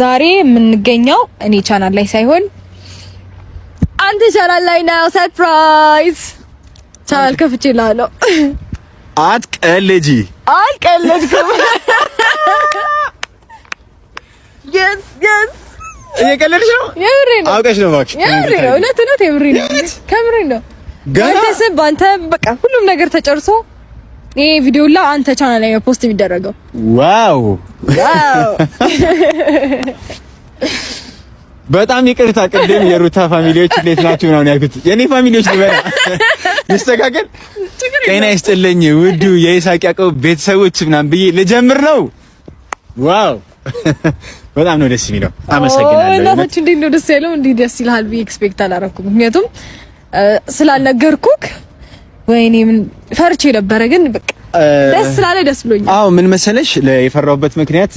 ዛሬ የምንገኘው እኔ ቻናል ላይ ሳይሆን አንተ ቻናል ላይ ነው። ሰርፕራይዝ ቻናል ከፍቼ እላለሁ። አትቀልጂ አትቀልጂ። የስ የስ እየቀለድሽ ነው? የምሬ ነው። አውቀሽ ነው እባክሽ። የምሬ ነው። እውነት እውነት የምሬ ነው። ከምሬ ነው። ገና በአንተ በቃ ሁሉም ነገር ተጨርሶ ይሄ ቪዲዮ ላ አንተ ቻናል ላይ ፖስት የሚደረገው ዋው በጣም ይቅርታ ቅድም የሩታ ፋሚሊዎች እንዴት ናችሁ ነው ያልኩት። የኔ ፋሚሊዎች ልበላ ይስተካከል። ጤና ይስጥልኝ ውዱ የይሳቅ ያዕቆብ ቤተሰቦች ምናምን ብዬ ልጀምር ነው። ዋው በጣም ነው ደስ የሚለው። አመሰግናለሁ። እናቶች እንዴት ነው ደስ ያለው? እንዲህ ደስ ይልሃል ብዬ ኤክስፔክት አላረኩም። ምክንያቱም ስላልነገርኩክ ወይኔ ምን ፈርቼ ነበረ፣ ግን ደስ ስላለ ደስ ብሎኛል። አዎ ምን መሰለሽ የፈራሁበት ምክንያት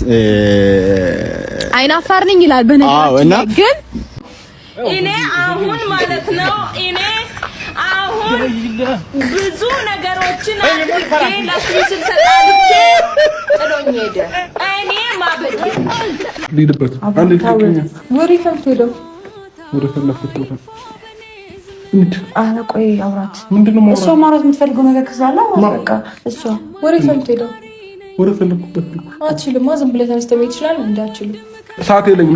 አይናፋር ነኝ ይላል። በነገራችን ላይ ግን እኔ አሁን ማለት ነው እኔ አሁን ብዙ ነገሮችን አድርጌ ለሱ ስል ተጣልቼ ጥሎኝ ሄደ። እኔ ማበድ ልሂድበት አንዴ ወሬ ከብቶ ሄደው ወደ ፈለኩት ቦታ ኧረ ቆይ አውራት። እሷ ማውራት የምትፈልገው ነገር ክስላለ በቃ እሷ ወደ ፈልት ሄደው ወደ ፈለኩበት አትችልም። ዝም ብለህ ተነስተህ መሄድ ይችላል። እንደ አትችልም። ሰዓት የለኝም።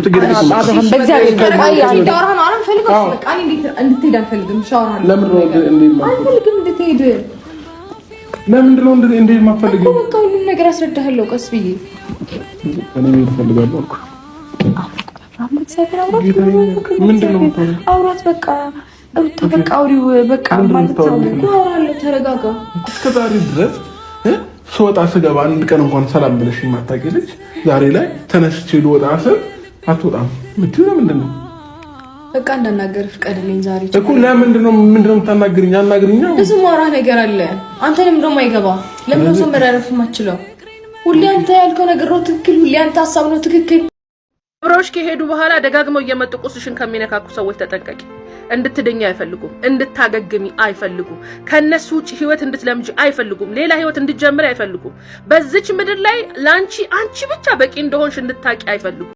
ለምንድን ነው ነገር አስረዳሃለሁ ቀስ ብዬ። አውራት በቃ ሩታ በቃ ማለት ተረጋጋ። እስከ ዛሬ ድረስ ስወጣ ስገባ አንድ ቀን እንኳን ሰላም ብለሽ የማታውቂ ልጅ ዛሬ ላይ ተነስቼ ልወጣ ስል አትወጣም ለምንድን ነው? በቃ እንዳናገር ፍቀድልኝ። ዛሬ እኮ ለምንድን ነው ምንድን ነው ብዙ ነገር አለ። አንተንም ደግሞ አይገባ። ለምን ሰው መራረፍ የማችለው? ሁሌ አንተ ያልከው ነገር ነው ትክክል። ሁሌ አንተ ሀሳብ ነው ትክክል። አብረውሽ ከሄዱ በኋላ ደጋግመው እየመጡ ቁስሽን ከሚነካኩ ሰዎች ተጠንቀቂ። እንድትድኝ አይፈልጉም። እንድታገግሚ አይፈልጉም። ከነሱ ውጭ ህይወት እንድትለምጂ አይፈልጉም። ሌላ ህይወት እንድትጀምሪ አይፈልጉም። በዚች ምድር ላይ ለአንቺ አንቺ ብቻ በቂ እንደሆንሽ እንድታቂ አይፈልጉም።